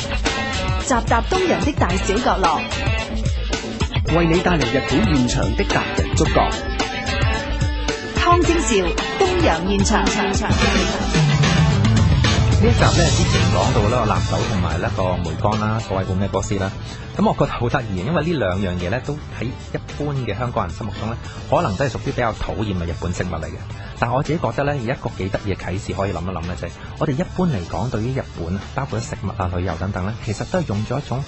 集集東洋的大小角落，為你帶嚟日本現場的達人觸覺。湯晶兆，東洋現場。現場呢一集咧之前講到咧個納豆同埋咧個梅乾啦，所謂咁咩波斯啦，咁我覺得好得意，因為呢兩樣嘢咧都喺一般嘅香港人心目中咧，可能都係屬於比較討厭嘅日本食物嚟嘅。但係我自己覺得咧，一個幾得意嘅啟示可以諗一諗嘅就係，我哋一般嚟講對於日本，包括食物啊、旅遊等等咧，其實都係用咗一種。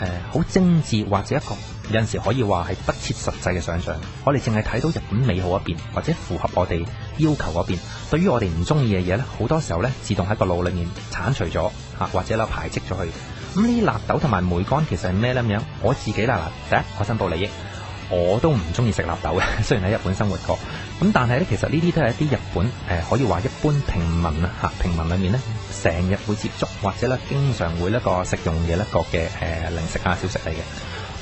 誒，好精緻或者一個有陣時可以話係不切實際嘅想象，我哋淨係睇到日本美好一邊或者符合我哋要求嗰邊，對於我哋唔中意嘅嘢咧，好多時候咧自動喺個腦裏面鏟除咗吓，或者啦排斥咗去。咁呢啲納豆同埋梅乾其實係咩咧咁樣？我自己啦，第一我申報利益。我都唔中意食納豆嘅，雖然喺日本生活過，咁但係咧，其實呢啲都係一啲日本誒、呃，可以話一般平民啊嚇，平民裏面咧成日會接觸或者咧經常會一個食用嘅一個嘅誒、呃、零食啊小食嚟嘅，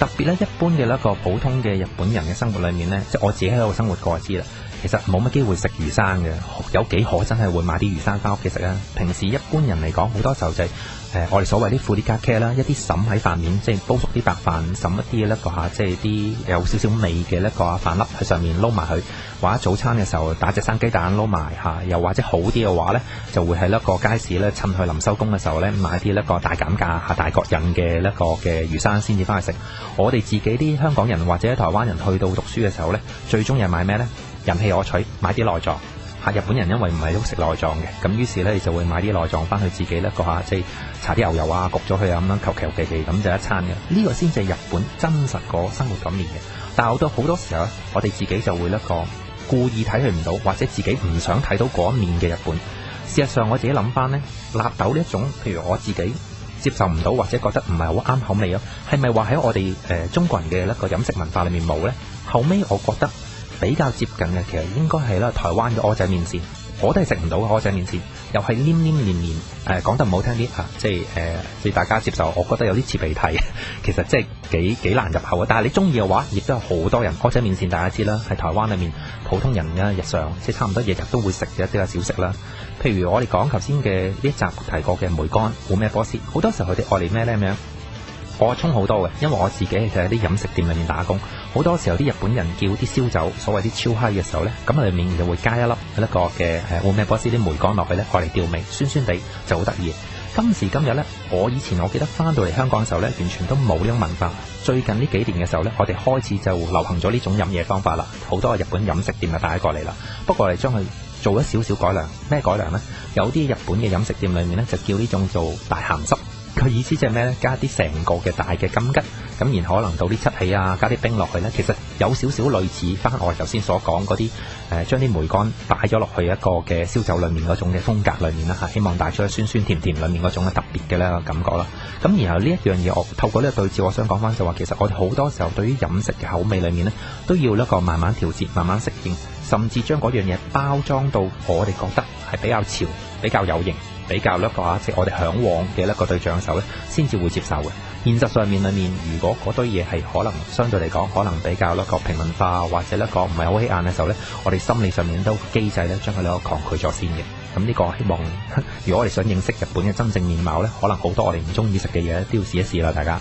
特別咧一般嘅一個普通嘅日本人嘅生活裏面咧，即係我自己喺度生活過就，我知啦。其實冇乜機會食魚生嘅，有幾可真係會買啲魚生翻屋企食咧。平時一般人嚟講，好多時候就係誒我哋所謂啲富啲家 care 啦，一啲揀喺飯面，即係煲熟啲白飯，揀一啲咧個嚇，即係啲有少少味嘅咧個嚇飯粒喺上面撈埋佢。或者早餐嘅時候打隻生雞蛋撈埋嚇，又或者好啲嘅話咧，就會喺咧個街市咧，趁佢臨收工嘅時候咧買啲咧個大減價嚇大國人嘅咧個嘅魚生先至翻去食。我哋自己啲香港人或者台灣人去到讀書嘅時候咧，最中意買咩咧？人氣我取買啲內臟，吓，日本人因為唔係都食內臟嘅，咁於是咧就會買啲內臟翻去自己咧個下，即係搽啲牛油啊，焗咗佢啊咁樣，求求其其咁就一餐嘅。呢、這個先至係日本真實個生活咁面嘅。但係好多好多時候咧，我哋自己就會一個故意睇佢唔到，或者自己唔想睇到嗰一面嘅日本。事實上我自己諗翻咧，納豆呢一種，譬如我自己接受唔到或者覺得唔係好啱口味咯，係咪話喺我哋誒、呃、中國人嘅一個飲食文化裏面冇咧？後尾我覺得。比較接近嘅，其實應該係啦，台灣嘅蚵仔麵線，我都係食唔到嘅蚵仔麵線，又係黏，黏黏黏黏，誒、呃、講得唔好聽啲嚇，即係誒對大家接受，我覺得有啲似鼻涕，其實即係幾幾難入口啊！但係你中意嘅話，亦都有好多人蚵仔麵線，大家知啦，喺台灣裡面普通人嘅日常，即係差唔多日日都會食嘅一啲嘅小食啦。譬如我哋講頭先嘅呢一集提過嘅梅乾，冇咩波子，好多時候佢哋愛嚟咩咧咁樣。我充好多嘅，因為我自己就喺啲飲食店裏面打工，好多時候啲日本人叫啲燒酒，所謂啲超嗨嘅時候呢，咁佢哋面就會加一粒一個嘅誒烏梅波斯啲梅乾落去呢，咧，嚟調味，酸酸地就好得意。今時今日呢，我以前我記得翻到嚟香港嘅時候呢，完全都冇呢種文化。最近呢幾年嘅時候呢，我哋開始就流行咗呢種飲嘢方法啦，好多日本飲食店就帶咗過嚟啦，不過我哋將佢做一少少改良，咩改良呢？有啲日本嘅飲食店裏面呢，就叫呢種做大鹹汁。佢意思就係咩咧？加啲成個嘅大嘅金桔，咁然可能倒啲七喜啊，加啲冰落去咧，其實有少少類似翻我哋頭先所講嗰啲誒，將啲梅乾擺咗落去一個嘅燒酒裡面嗰種嘅風格裏面啦嚇，希望帶出一酸酸甜甜裡面嗰種嘅特別嘅咧感覺咯。咁然後呢一樣嘢，我透過呢個對照，我想講翻就話，其實我哋好多時候對於飲食嘅口味裏面咧，都要一個慢慢調節、慢慢適應，甚至將嗰樣嘢包裝到我哋覺得係比較潮、比較有型。比較咧個話，即係，我哋向往嘅一個對象嘅時候咧，先至會接受嘅。現實上面裏面，如果嗰堆嘢係可能相對嚟講，可能比較一個平民化，或者一個唔係好起眼嘅時候咧，我哋心理上面都機制咧，將佢咧抗拒咗先嘅。咁呢個希望，如果我哋想認識日本嘅真正面貌咧，可能好多我哋唔中意食嘅嘢都要試一試啦，大家。